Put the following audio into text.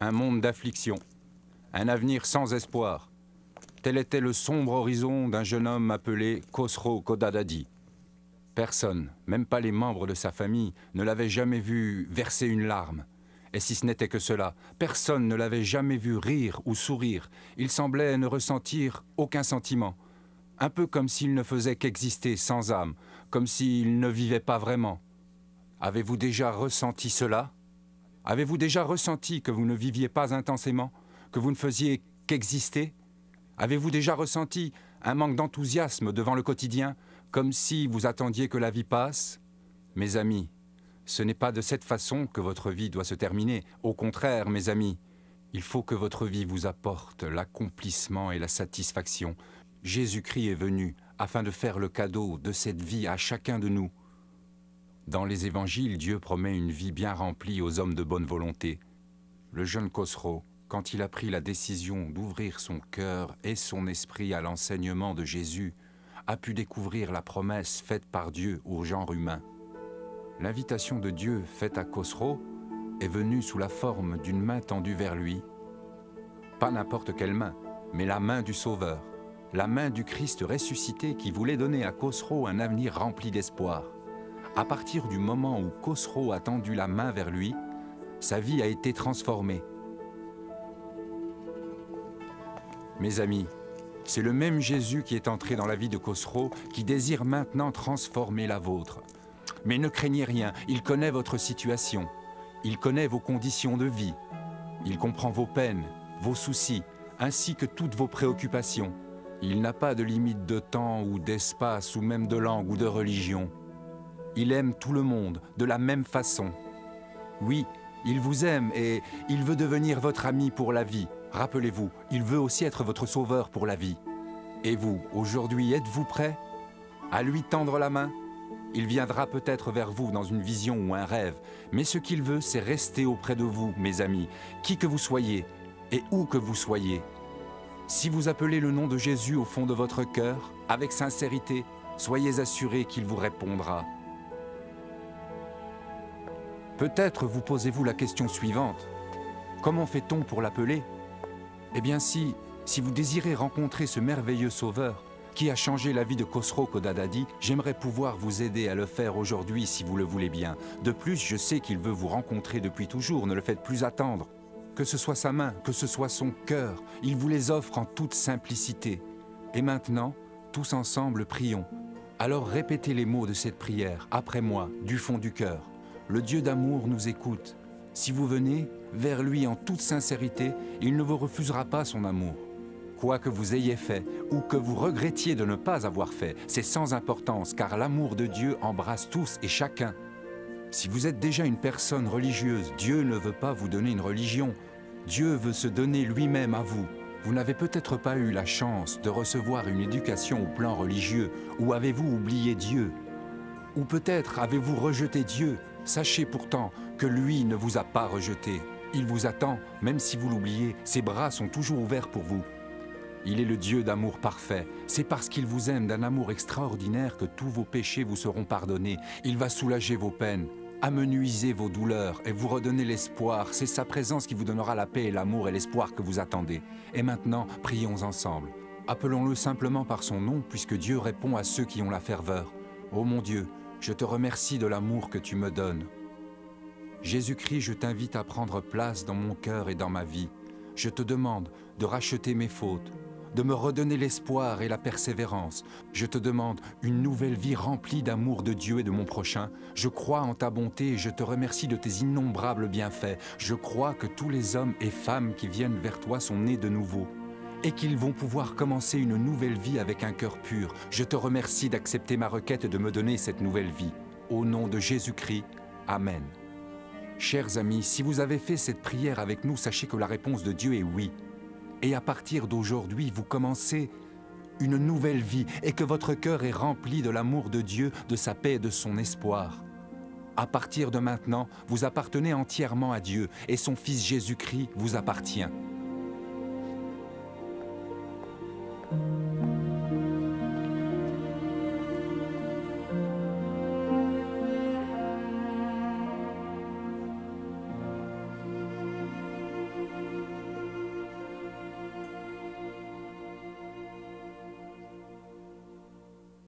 Un monde d'affliction, un avenir sans espoir. Tel était le sombre horizon d'un jeune homme appelé khosro Kodadadi. Personne, même pas les membres de sa famille, ne l'avait jamais vu verser une larme. Et si ce n'était que cela, personne ne l'avait jamais vu rire ou sourire. Il semblait ne ressentir aucun sentiment. Un peu comme s'il ne faisait qu'exister sans âme, comme s'il ne vivait pas vraiment. Avez-vous déjà ressenti cela Avez-vous déjà ressenti que vous ne viviez pas intensément, que vous ne faisiez qu'exister Avez-vous déjà ressenti un manque d'enthousiasme devant le quotidien, comme si vous attendiez que la vie passe Mes amis, ce n'est pas de cette façon que votre vie doit se terminer. Au contraire, mes amis, il faut que votre vie vous apporte l'accomplissement et la satisfaction. Jésus-Christ est venu afin de faire le cadeau de cette vie à chacun de nous. Dans les évangiles, Dieu promet une vie bien remplie aux hommes de bonne volonté. Le jeune Cosro, quand il a pris la décision d'ouvrir son cœur et son esprit à l'enseignement de Jésus, a pu découvrir la promesse faite par Dieu au genre humain. L'invitation de Dieu faite à Cosro est venue sous la forme d'une main tendue vers lui. Pas n'importe quelle main, mais la main du Sauveur, la main du Christ ressuscité qui voulait donner à Cosro un avenir rempli d'espoir à partir du moment où Khosrow a tendu la main vers lui, sa vie a été transformée. Mes amis, c'est le même Jésus qui est entré dans la vie de Khosrow qui désire maintenant transformer la vôtre. Mais ne craignez rien, il connaît votre situation, il connaît vos conditions de vie, il comprend vos peines, vos soucis, ainsi que toutes vos préoccupations. Il n'a pas de limite de temps ou d'espace ou même de langue ou de religion. Il aime tout le monde de la même façon. Oui, il vous aime et il veut devenir votre ami pour la vie. Rappelez-vous, il veut aussi être votre sauveur pour la vie. Et vous, aujourd'hui, êtes-vous prêt à lui tendre la main Il viendra peut-être vers vous dans une vision ou un rêve, mais ce qu'il veut, c'est rester auprès de vous, mes amis, qui que vous soyez et où que vous soyez. Si vous appelez le nom de Jésus au fond de votre cœur, avec sincérité, soyez assurés qu'il vous répondra. Peut-être vous posez-vous la question suivante. Comment fait-on pour l'appeler Eh bien si, si vous désirez rencontrer ce merveilleux sauveur qui a changé la vie de Khosrow Kodadadi, j'aimerais pouvoir vous aider à le faire aujourd'hui si vous le voulez bien. De plus, je sais qu'il veut vous rencontrer depuis toujours, ne le faites plus attendre. Que ce soit sa main, que ce soit son cœur, il vous les offre en toute simplicité. Et maintenant, tous ensemble, prions. Alors répétez les mots de cette prière, après moi, du fond du cœur. Le Dieu d'amour nous écoute. Si vous venez vers lui en toute sincérité, il ne vous refusera pas son amour. Quoi que vous ayez fait ou que vous regrettiez de ne pas avoir fait, c'est sans importance car l'amour de Dieu embrasse tous et chacun. Si vous êtes déjà une personne religieuse, Dieu ne veut pas vous donner une religion. Dieu veut se donner lui-même à vous. Vous n'avez peut-être pas eu la chance de recevoir une éducation au plan religieux, ou avez-vous oublié Dieu Ou peut-être avez-vous rejeté Dieu Sachez pourtant que lui ne vous a pas rejeté. Il vous attend, même si vous l'oubliez, ses bras sont toujours ouverts pour vous. Il est le Dieu d'amour parfait. C'est parce qu'il vous aime d'un amour extraordinaire que tous vos péchés vous seront pardonnés. Il va soulager vos peines, amenuiser vos douleurs et vous redonner l'espoir. C'est sa présence qui vous donnera la paix et l'amour et l'espoir que vous attendez. Et maintenant, prions ensemble. Appelons-le simplement par son nom, puisque Dieu répond à ceux qui ont la ferveur. Ô oh mon Dieu, je te remercie de l'amour que tu me donnes. Jésus-Christ, je t'invite à prendre place dans mon cœur et dans ma vie. Je te demande de racheter mes fautes, de me redonner l'espoir et la persévérance. Je te demande une nouvelle vie remplie d'amour de Dieu et de mon prochain. Je crois en ta bonté et je te remercie de tes innombrables bienfaits. Je crois que tous les hommes et femmes qui viennent vers toi sont nés de nouveau et qu'ils vont pouvoir commencer une nouvelle vie avec un cœur pur. Je te remercie d'accepter ma requête de me donner cette nouvelle vie. Au nom de Jésus-Christ, Amen. Chers amis, si vous avez fait cette prière avec nous, sachez que la réponse de Dieu est oui. Et à partir d'aujourd'hui, vous commencez une nouvelle vie et que votre cœur est rempli de l'amour de Dieu, de sa paix et de son espoir. À partir de maintenant, vous appartenez entièrement à Dieu et son Fils Jésus-Christ vous appartient.